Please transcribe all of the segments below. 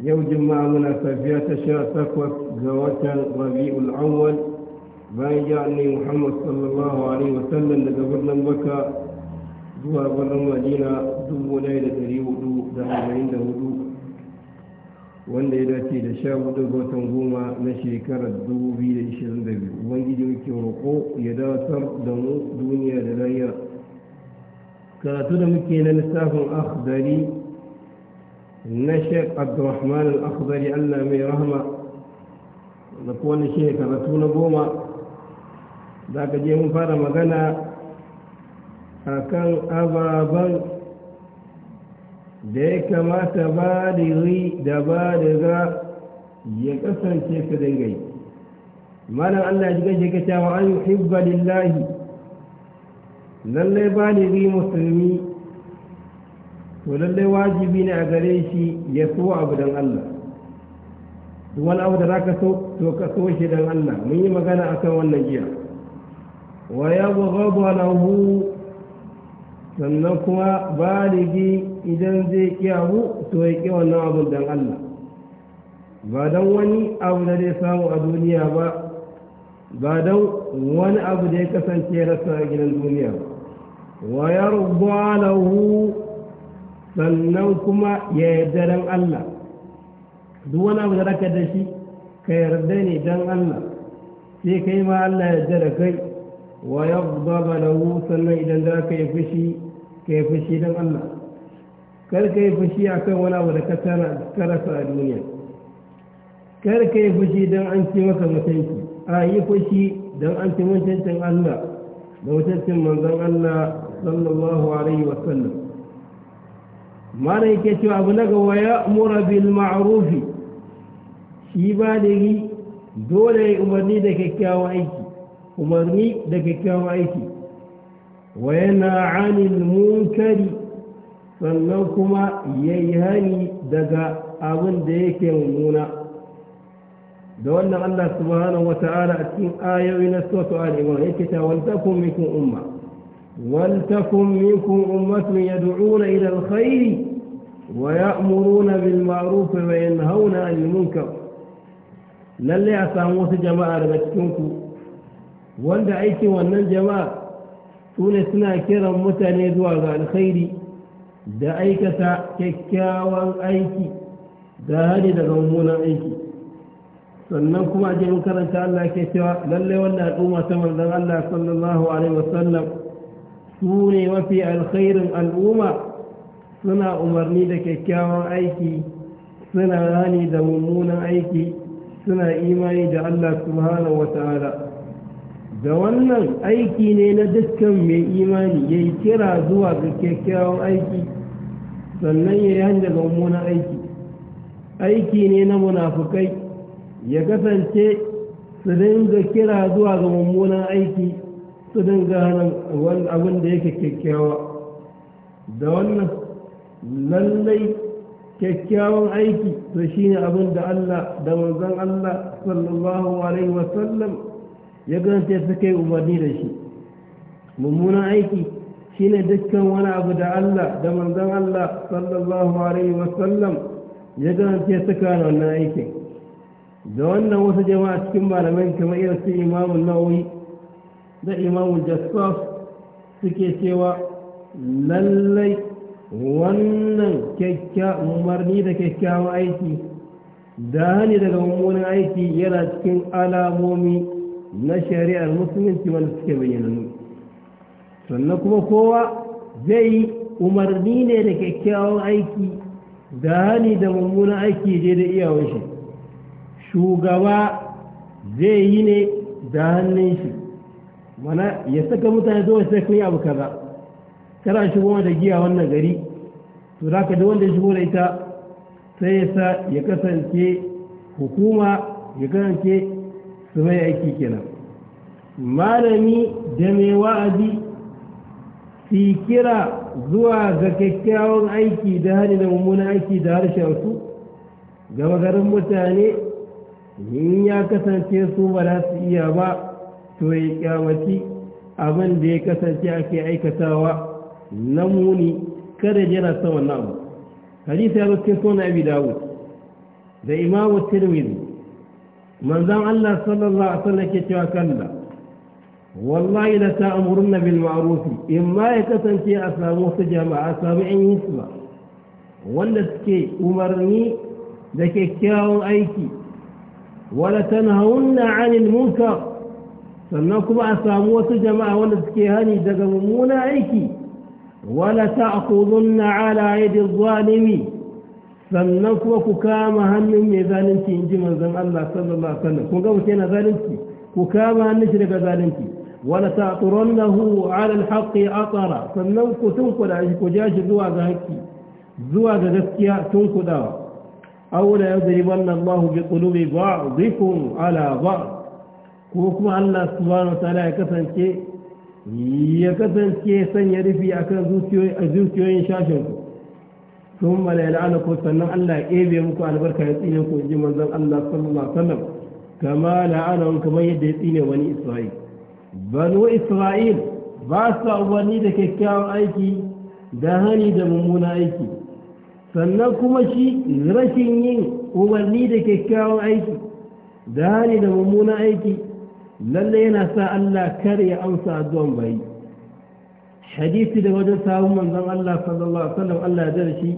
يوجد ما من أسفيات شاتك وزواجا ربيع الأول بأن جعلني محمد صلى الله عليه وسلم لقبرنا بك دوا برنا مدينة دو ليلة ريودو دعنا عند هدو وان ليلة لشاب دو قوتن قوما نشيكار الدو بيلة إشارن دبي وان جيدو كيوروكو يداتر دمو دنيا دلايا كانت دمكينا نستاهم أخ دليل na sheik abdurrahman al-akhdari allah mai rahama da kowane shi karatu na goma za ka je mun fara magana a kan ababen da ya kamata ba da yi da ba da za ya kasance su dingai malam allah ji shiga cewa an yi hibba lillahi lallai ba da ri musulmi to lallai wajibi ne a gare shi ya so abu don Allah wani abu da za ka so to ka so shi don Allah mun yi magana a kan wannan jiya wa ya gwagwagwa lahu sannan kuma baligi idan zai abu to ya ƙi wannan abu don Allah ba don wani abu da zai samu a duniya ba ba don wani abu da ya kasance rasa a gidan duniya ba wa ya rubuwa lahu sannan kuma ya yarda don Allah duk wani abu da raka da shi ka yarda ne don Allah sai kai ma Allah ya yarda da kai wa ya zaba da sannan idan za ka yi fushi ka yi fushi don Allah kar ka yi fushi a kan wani abu da ka karasa a duniya kar ka yi fushi don an ci maka mutunci a yi fushi don an ci mutuncin Allah da mutuncin manzon Allah sallallahu alaihi sallam mana yake cewa abu na gaba ya mura bil ma'rufi shi ba da yi dole ya umarni da kyakkyawan aiki umarni da kyakkyawan aiki wa yana anil munkari sannan kuma ya yi hani daga abin da yake mummuna da wannan Allah subhanahu wata'ala a cikin ayoyi na sotu al'imar yake ta waltakun mikin umma waltakun minkum ummatun yad'una ila alkhairi ويأمرون بالمعروف وينهون عن المنكر lalle a samu wasu jama'a daga cikinku wanda aikin wannan jama'a su ne suna kiran mutane zuwa ga alkhairi da aikata kyakkyawan aiki da hari daga mummunan aiki sannan kuma je mun karanta Allah ke cewa lalle wanda al'umma ta manzon Allah sallallahu alaihi wasallam su ne mafi alkhairin al'umma suna umarni da kyakkyawan aiki suna rani da mummunan aiki suna imani da Allah subhanahu ta'ala da wannan aiki ne na dukkan mai imani ya yi kira zuwa ga kyakkyawan aiki sannan ya yi hanyar mummunan aiki aiki ne na munafukai ya kasance su dinga kira zuwa ga mummunan aiki su dinga hana abin da yake kyakkyawa da wannan lallai kyakkyawan aiki to shine abin da Allah da manzon Allah sallallahu alaihi wasallam ya gante su kai umarni da shi mummunan aiki shine dukkan wani abu da Allah da manzon Allah sallallahu alaihi wasallam ya gante su kai wannan aiki. da wannan wasu jama'a cikin malamai kamar irin su imamun nawawi da imamun jassas suke cewa lallai wannan umarni da kyakkyawan aiki da hani daga mummunan aiki yana cikin alamomi na shari'ar musulunci wanda suke bayyananu sannan kuma kowa zai umarni ne da kyakkyawan aiki da hani da mummunan aiki je da iyawun shi shugaba zai yi ne da hannun shi mana ya saka mutane zuwa sai kun yi abu kaza kana shigo da giya wannan gari to zaka da wanda shigo da ita sai ya sa ya kasance hukuma ya kasance su mai aiki kenan malami da mai wa'azi su kira zuwa ga kyakkyawan aiki da hannun da mummunan aiki da harshen su gaba garin mutane in ya kasance su ba za su iya ba to ya kyamaci abin da ya kasance ake aikatawa na muni kada yana son wannan abu hadisi ya zo cikin sunan abi dawud da imamu tirmidhi manzan Allah sallallahu alaihi wasallam ke cewa kalla wallahi la ta'muruna bil ma'ruf imma ya kasance a samu wasu jama'a samu in yisma wanda suke umarni da kyakkyawan aiki wala tanhauna 'anil munkar sannan kuma a samu wasu jama'a wanda suke hani daga mummunan aiki ولتأخذن على يد الظالمي فلنفوك كام هن من ذالنتي انجي من ذم الله صلى الله عليه وسلم كون قوة كينا ذالنتي وكام هن نشرك ذالنتي ولتأطرنه على الحق أطرا فلنفوك تنقل لعجك وجاج ذوى ذهكي ذوى ذهكي تنكو أو لا يضربن الله بقلوب بعضكم على بعض وكما الله سبحانه وتعالى كثن كي ya kasance sanya rufi kan zuciyoyin shashin ku sun ya la'ana ko sannan Allah ya kebe muku albarka ya tsine ku ji manzan Allah sallallahu sallam kama la'ana kamar yadda ya tsine wani Isra'il banu Isra'il ba sa umarni da kyakkyawan aiki da hani da mummuna aiki sannan kuma shi rashin yin umarni da kyakkyawan aiki da hani da mummuna aiki lalle yana sa Allah kar ya amsa addu'an bai hadisi da wajen samun manzon Allah sallallahu alaihi wasallam Allah ya dare shi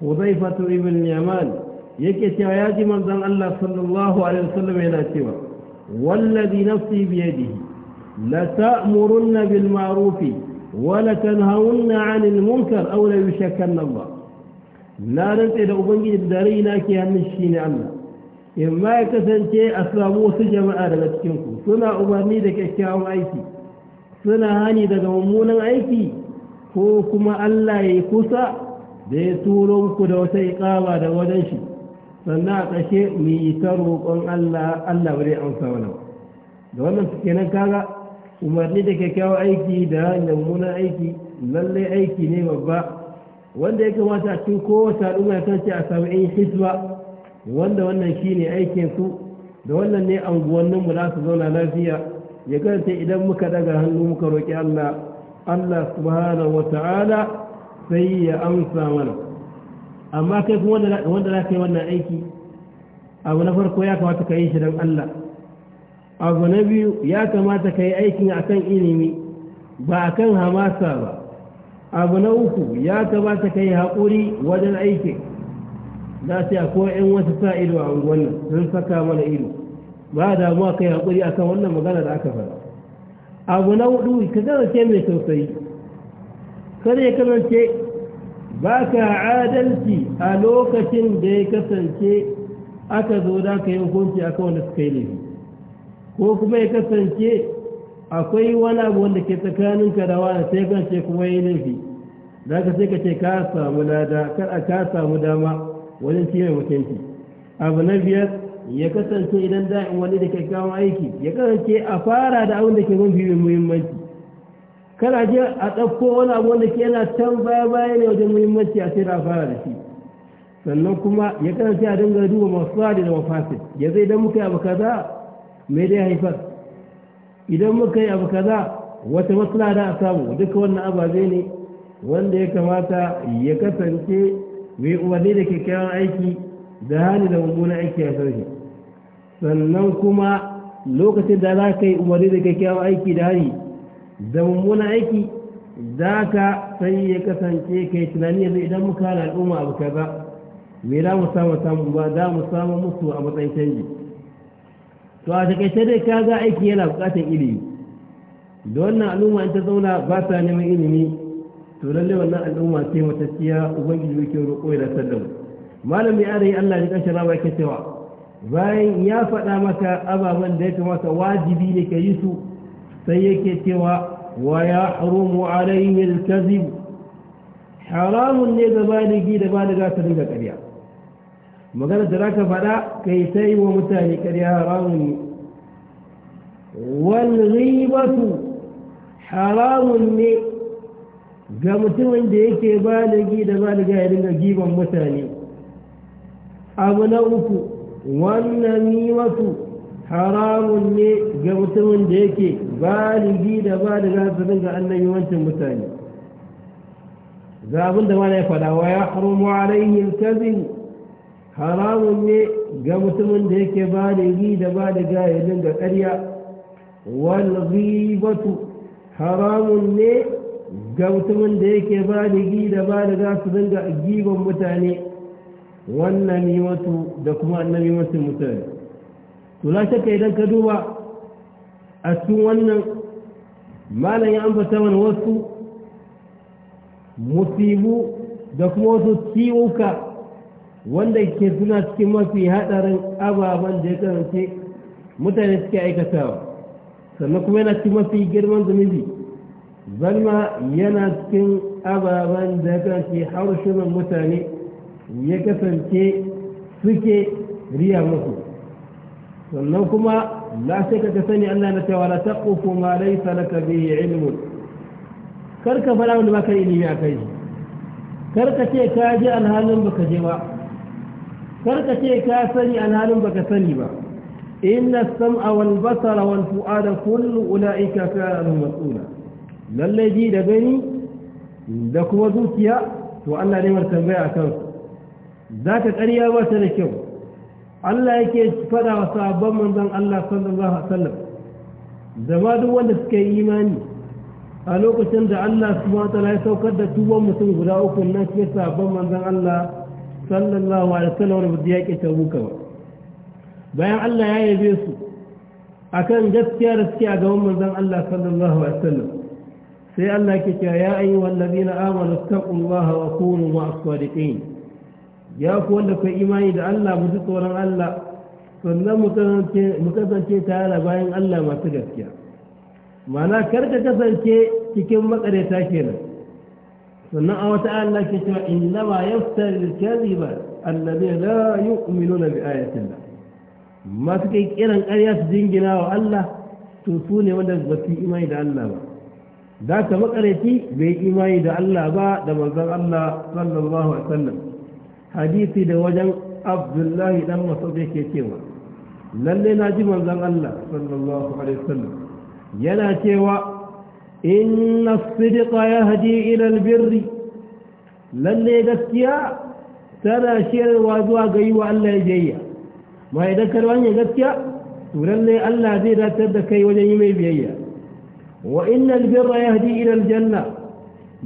Hudhaifatu ibn Yaman yake cewa ya ji manzon Allah sallallahu alaihi wasallam yana cewa wallazi nafsi bi yadihi la ta'murunna bil ma'ruf wa la tanhauna 'anil munkar aw la yushakkanna Allah na rantsa da ubangiji da raina ke hannun shi ne Allah ma ya kasance a samu wasu jama'a daga cikinku suna umarni da kyakkyawan aiki suna hani daga mummunan aiki ko kuma Allah ya yi kusa da ya turo muku da wata iƙama da wajen shi sannan a ƙashe mu yi ta roƙon Allah Allah an amsa wani da wannan su kenan kaga umarni da kyakkyawan aiki da mummunan aiki lallai aiki ne babba wanda ya kamata a cikin kowace al'umma ya kasance a samu in hisba wanda wannan shi aikin su da wannan ne anguwanninmu za su zauna lafiya ya ganta idan muka daga hannu muka roƙi Allah Allah subhanahu ta'ala sai ya amsa mana amma kai kuma wanda za ka yi wannan aiki abu na farko ya kamata ka yi shi don Allah abu na biyu ya kamata ka yi aikin a kan ilimi ba a kan hamasa ba abu na uku ya kamata ka yi haƙuri wajen aikin za su ko yan wasu sa ido a unguwannan sun saka mana ido ba damuwa kai haƙuri akan wannan magana da aka faɗa abu na hudu ka kasance mai tausayi kada ya kasance ba ka adalci a lokacin da ya kasance aka zo da ka hukunci a kan wanda suka yi laifi ko kuma ya kasance akwai wani abu wanda ke tsakaninka da wani sai kan ce kuma yi laifi da ka sai ka ce samu lada kar ka samu dama wajen mai mutunci abu na biyar ya kasance idan da'in wani da kyakkyawan aiki ya kasance a fara da abin da ke mafi muhimmanci kana je a ɗauko wani abu wanda ke yana can baya baya ne wajen muhimmanci a sai da fara da shi sannan kuma ya kasance a dinga duba masu da mafasit ya zai idan muka yi abu kaza me dai haifar idan muka yi abu kaza wata matsala da a samu duka wannan ababe ne wanda ya kamata ya kasance mu yi umarni da kyakkyawan aiki da hali da mummunan aiki a sarki. sannan kuma lokacin da za ka yi umarni da kyakkyawan aiki da hali da mummunan aiki za ka sai ya kasance ka yi tunani yanzu idan muka hana al'umma abu kaza me za mu samu samu ba za mu samu musu a matsayin canji to a takaice dai ka ga aiki yana bukatar ilimi da wannan al'umma in ta zauna ba ta neman ilimi to lalle wannan al'umma ce matacciya ubangiji yake roƙo ya da mu malam ya arai Allah ya kashe rama yake cewa bayan ya faɗa maka ababen da ya kamata wajibi ne ka yi su sai yake cewa wa ya harumu alayhi al-kazib haramun ne ga baligi da baliga ta dinga ƙarya magana da zaka faɗa kai sai wa mutane ƙarya haramun ne wal ghibatu haramun ne ga mutumin da yake baligi da baliga ya dinga giban mutane abu na uku wannan nimatu haramun ne ga mutumin da yake baligi da baliga su dinga annan yawancin mutane ga abin da mana ya fada wa ya haramu rayin kazin haramun ne ga mutumin da yake baligi da baliga ya dinga ƙarya wal ribatu haramun ne ga mutumin da yake ba da za su a giban mutane wannan yi wasu da kuma annabi wasu mutane to la shakka idan ka duba a cikin wannan malam ya ambata mana wasu musibu da kuma wasu ciwuka wanda ke suna cikin mafi haɗarin ababen da ya kasance mutane suke aikatawa sannan kuma yana cikin mafi girman zunubi Zalma yana cikin ababen da ke harshunan mutane ya kasance suke riya musu sannan kuma la sai ka sani Allah na cewa la taqfu ma laysa laka bihi ilm kar ka fara wani baka ilimi akai kar ka ce ka ji alhalin baka je ba kar ka ce ka sani alhalin baka sani ba inna as-sam'a wal basara wal fu'ada kullu ulaika kana mas'ula lallai ji da gani da kuma zuciya to Allah ne mar tambaya kansu. za ta ƙarya ba ta da kyau Allah yake faɗa wa sabon manzon Allah sallallahu alaihi wasallam da ma duk wanda suka yi imani a lokacin da Allah subhanahu wataala ya saukar da tuban mutum guda uku nan sai sabon manzon Allah sallallahu alaihi wasallam da ya ke tabuka ba bayan Allah ya yabe su akan gaskiya da suke a gaban manzon Allah sallallahu alaihi wasallam سيالك يا أيها الذين آمنوا اتقوا الله وكونوا مع الصادقين يا أخوان لك إيمان إذا الله بدت ورن الله فلا متزن تعالى باين الله ما تجسيا ما أنا كرت تزن شيء تكيم ما قريت أكيرا فلا أوت الله كتير إنما يفتر الكذب الذي لا يؤمنون بآيات الله ما تكيك إيران أريات دين جناه الله تصوني ولا بتي إيمان إذا الله za ka makareci bai imani da Allah ba da manzon Allah sallallahu alaihi wasallam hadisi da wajen abdullahi dan masud yake cewa lalle na ji manzon Allah sallallahu alaihi wasallam yana cewa inna sidqa yahdi ila albirri lalle gaskiya tana shirwa zuwa ga yi wa Allah ya jayya ma idan karwan ya gaskiya to lalle Allah zai datar da kai wajen yi mai biyayya وإن البر يهدي إلى الجنة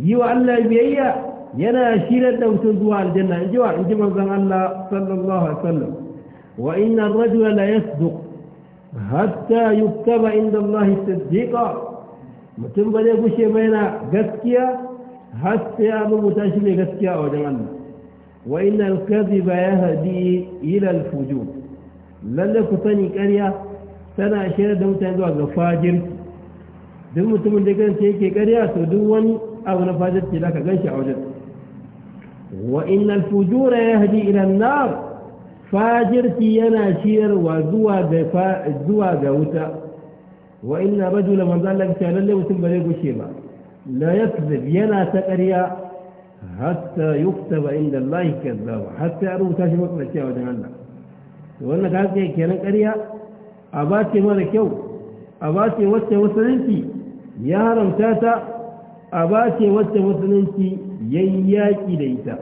يو ألا بيئي ينا شيرا دو تزوى الجنة جوا جمع زمان الله صلى الله عليه وسلم وإن الرجل لا يصدق حتى يكتب عند الله التصديق متن بده بشي بينا غسكيا حتى أبو متاشمي غسكيا وجمع الله وإن الكذب يهدي إلى الفجور لن لكتني كريا سنة شيرا دو تزوى الفاجر duk mutumin da ganta yake ƙarya to duk wani abu na fajirci da ka ganshi a wajen wa innal fujura yahdi ila an-nar fajirci yana ciyarwa zuwa ga zuwa ga wuta wa inna rajula man zalla ta lalle mutum bare gushe ba la yakzib yana ta ƙarya hatta yuktaba inda Allah kazzab hatta ya rubuta shi matsalaci a wajen Allah wannan ka kenan ƙarya a ba ce mara kyau a ba ce wacce musulunci ya haramta ta a ba ce wacce musulunci ya yi yaƙi da ita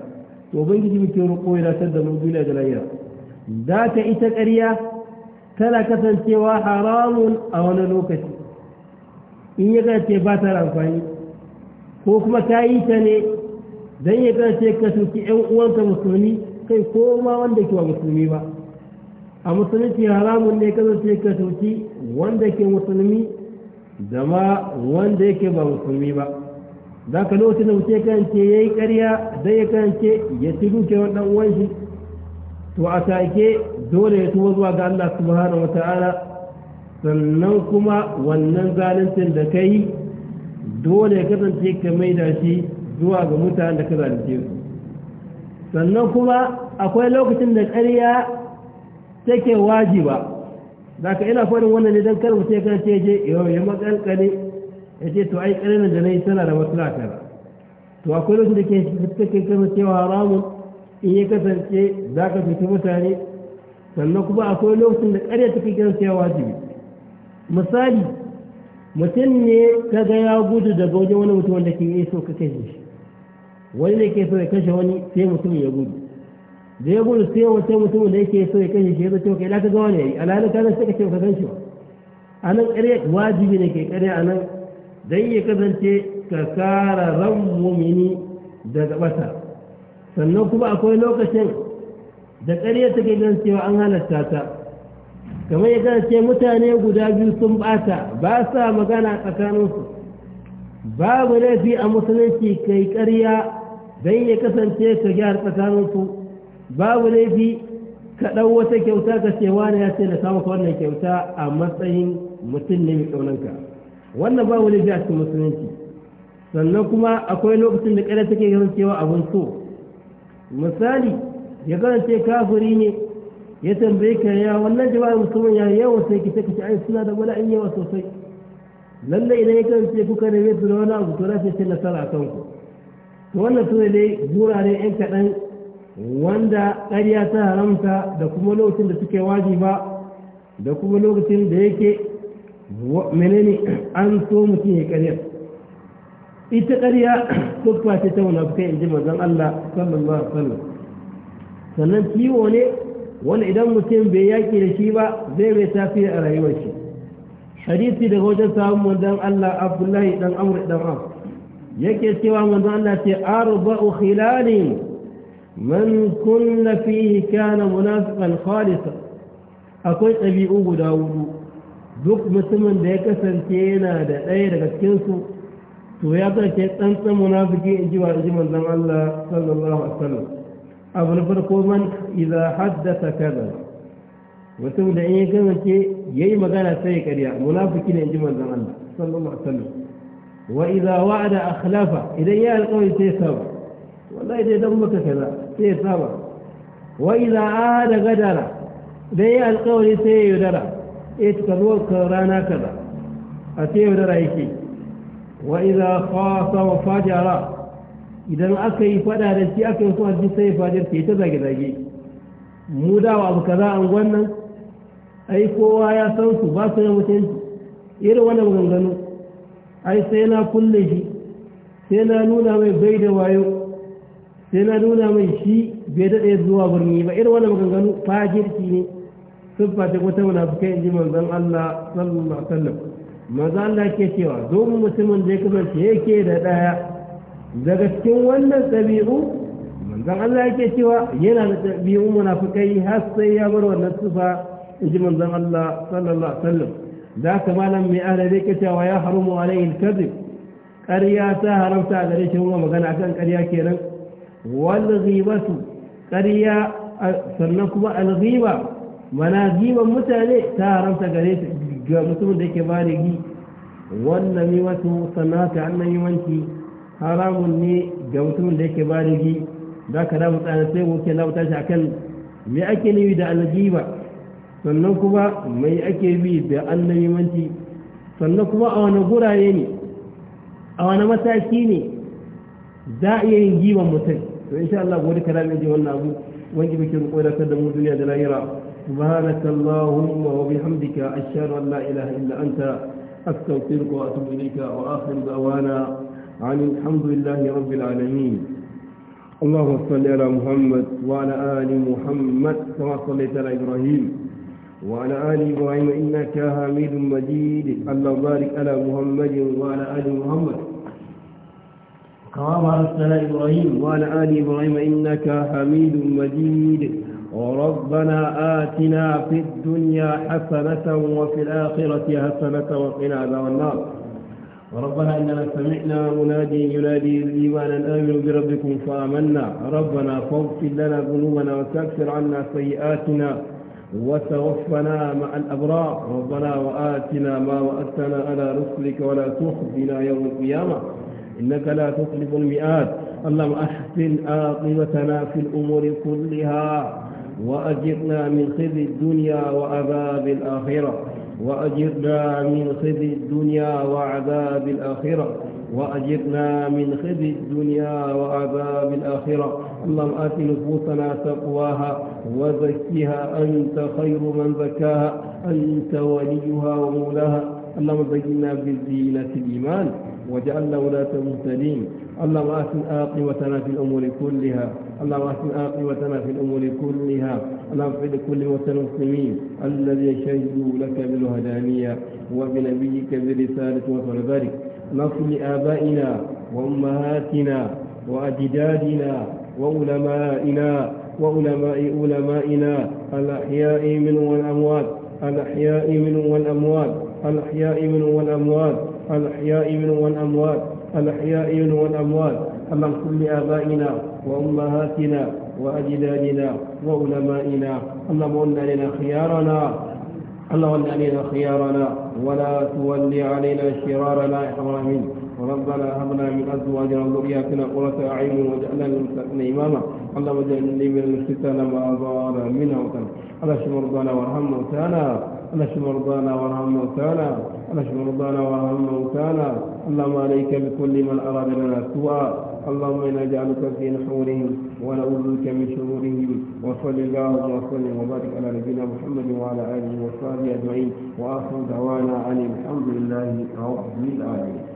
to ban gidi muke roƙo ya datar da mu da layar za ka ita ƙarya tana kasancewa haramun a wani lokaci in ya kasance ba ta amfani ko kuma ta yi ta ne don ya kasance ka suke 'yan uwanka musulmi kai ko ma wanda ke wa musulmi ba a musulunci haramun ne kasance ka suke wanda ke musulmi da ma wanda yake ba musulmi ba za ka lokacin da mutum ya ya yi ƙarya da ya karance ya ci duke wa ɗan uwanshi shi to a take dole ya tuba zuwa ga Allah subhanahu wa ta'ala sannan kuma wannan zaluncin da ka yi dole ya kasance ka da shi zuwa ga mutanen da ka zalunce su sannan kuma akwai lokacin da ƙarya take wajiba za ka ina faɗin wannan ne don karin sai kan ce je yau ya makalkale ya ce to ai ƙarnin da na yi tana da matsala ta to akwai lokacin da ke cikin kama cewa haramun in ya kasance za ka fito mutane sannan kuma akwai lokacin da ƙarya ta kai cewa wajibi misali mutum ne ka ga ya gudu daga wajen wani mutum wanda ke yi so ka kashe shi wani ne ke so ya kashe wani sai mutum ya gudu da ya gudu sai wata mutum da yake so ya kashe shi ya zace kai laka ga wani A lalata ka sai ka ce ka ganshi a nan ƙarya wajibi ne ke ƙarya a nan don ya kasance ka kara ran mumini daga ɓata. sannan kuma akwai lokacin da ƙarya take gan cewa an halatta ta kamar ya kasance mutane guda biyu sun bata ba sa magana tsakaninsu babu laifi a musulunci kai ƙarya don ya kasance ka gyara tsakaninsu babu laifi ka ɗau wata kyauta ka ce wani ya ce na samu ka wannan kyauta a matsayin mutum ne mai ƙaunanka wannan babu laifi a cikin musulunci sannan kuma akwai lokacin da ƙarfi take cewa abin so misali ya karance kafuri ne ya tambaye ka ya wannan jama'ar musulman ya yawa sai ki take ai suna da bala'in yawa sosai lalle idan ya karance kuka da su suna wani abu to na sai nasara a kanku to wannan su dai dai ne 'yan kaɗan wanda ƙarya ta haramta da kuma lokacin da suke ba da kuma lokacin da yake menene an so mutum ya ƙarya ita ƙarya tuffa ce ta wani munafukai in ji mazan Allah sallallahu alaihi wasallam sannan ciwo ne wani idan mutum bai yaƙi da shi ba zai bai tafiya a rayuwar shi hadisi daga wajen samun manzon Allah Abdullahi dan Amr dan Am yake cewa manzon Allah ce arba'u khilalin man kunna fihi kana munafiqan khalisa akwai ɗabi'u guda hudu duk mutumin da ya kasance yana da ɗaya daga cikin su to ya kasance tsantsan munafiki in ji wa in ji manzon Allah sallallahu alaihi wasallam abu na farko man idza haddatha kaza mutum da in ya kasance yayi magana sai ya ƙarya munafiki ne in ji manzon Allah sallallahu alaihi wasallam wa idza wa'ada akhlafa idan ya alƙawari sai saba wallahi dai dan maka kaza sai ya saba wa iza ada gadara da ya sai ya yaudara ya eh, cika rana kaza a sai ya yaudara yake wa iza fasa wa fajara idan aka yi fada da shi aka yi kuma hajji sai fajar ke ta zage-zage mu wa abu kaza an wannan ai kowa ya san su ba su da mutunci irin wannan maganganu ai sai na kulle shi sai na nuna mai bai da wayo sai na nuna mai shi bai daɗe zuwa birni ba irin wannan maganganu fajirci ne sun fata wata munafukai in ji manzan Allah sallallahu alaihi wasallam manzan Allah ke cewa zo mutumin da ya kasance yake da ɗaya daga cikin wannan ɗabi'u manzan Allah ke cewa yana da ɗabi'un munafukai har sai ya bar wannan sufa. in ji manzan Allah sallallahu alaihi wasallam da ka malam mai alabe ke cewa ya haramu alaihi kadhib ƙarya ta haramta a gare shi kuma magana akan ƙarya kenan wal ghibatu ƙarya sannan kuma al mana giban mutane ta haramta gare ta ga mutumin da ke yake baligi wannan yi wasu sannan ta annan yi haramun ne ga mutumin da yake baligi da ka da mutane sai wuke na mutashi a kan me ake nufi da algiba sannan kuma mai ake bi da annan yi sannan kuma a wani gurare ne a wani mataki ne za a iya yin giban mutum فإن شاء الله قولي كلام يجي ji wannan abu wanki نقول roƙo da kada mu سبحانك اللهم وبحمدك أشهد أن لا إله إلا أنت أستغفرك وأتوب إليك وآخر دعوانا عن الحمد لله رب العالمين اللهم صل على محمد وعلى آل محمد كما صليت على إبراهيم وعلى آل إبراهيم إنك حميد مجيد اللهم بارك على محمد وعلى آل محمد كما أرسل إبراهيم وعلى آل إبراهيم إنك حميد مجيد وربنا آتنا في الدنيا حسنة وفي الآخرة حسنة وقنا عذاب النار ربنا إننا سمعنا منادي ينادي الإيمان أن آمنوا بربكم فآمنا ربنا فاغفر لنا ذنوبنا وتكفر عنا سيئاتنا وتوفنا مع الأبرار ربنا وآتنا ما وأتنا على رسلك ولا تخزنا يوم القيامة إنك لا تخلف المئات اللهم أحسن عاقبتنا في الأمور كلها وأجرنا من خزي الدنيا وعذاب الآخرة وأجرنا من خزي الدنيا وعذاب الآخرة وأجرنا من خزي الدنيا وعذاب الآخرة اللهم آت نفوسنا تقواها وزكها أنت خير من زكاها أنت وليها ومولاها اللهم زينا بزينة الإيمان وجعلنا ولاة مهتدين اللهم أحسن عاقبتنا في الأمور كلها اللهم أحسن عاقبتنا في الأمور كلها اللهم اغفر لكل موتى المسلمين الذين شهدوا لك بالوهدانية وبنبيك برسالة وصل ذلك نصل لآبائنا وأمهاتنا وأجدادنا وعلمائنا وعلماء علمائنا الأحياء منهم والأموات الأحياء منهم والأموات الأحياء منهم والأموات الأحياء منهم والأموات الأحياء منهم والأموات اللهم كل لآبائنا وأمهاتنا وأجدادنا وعلمائنا اللهم ول علينا خيارنا اللهم ول علينا خيارنا ولا تول علينا شرارنا يا حرامين ربنا هب لنا من ازواجنا وذرياتنا قرة اعين واجعلنا للمتقين اماما اللهم اجعلني من الفتن ما ظهر منها وكان اللهم اشف مرضانا وارحم موتانا أنشم مرضانا ورحم موتانا أنشم مرضانا ورحم موتانا اللهم عليك بكل من أراد لنا سوءا اللهم إنا نجعلك في نحورهم ونعوذ بك من شرورهم وصل اللهم وسلم وبارك على نبينا محمد وعلى آله وصحبه أجمعين وآخر دعوانا عن الحمد لله رب العالمين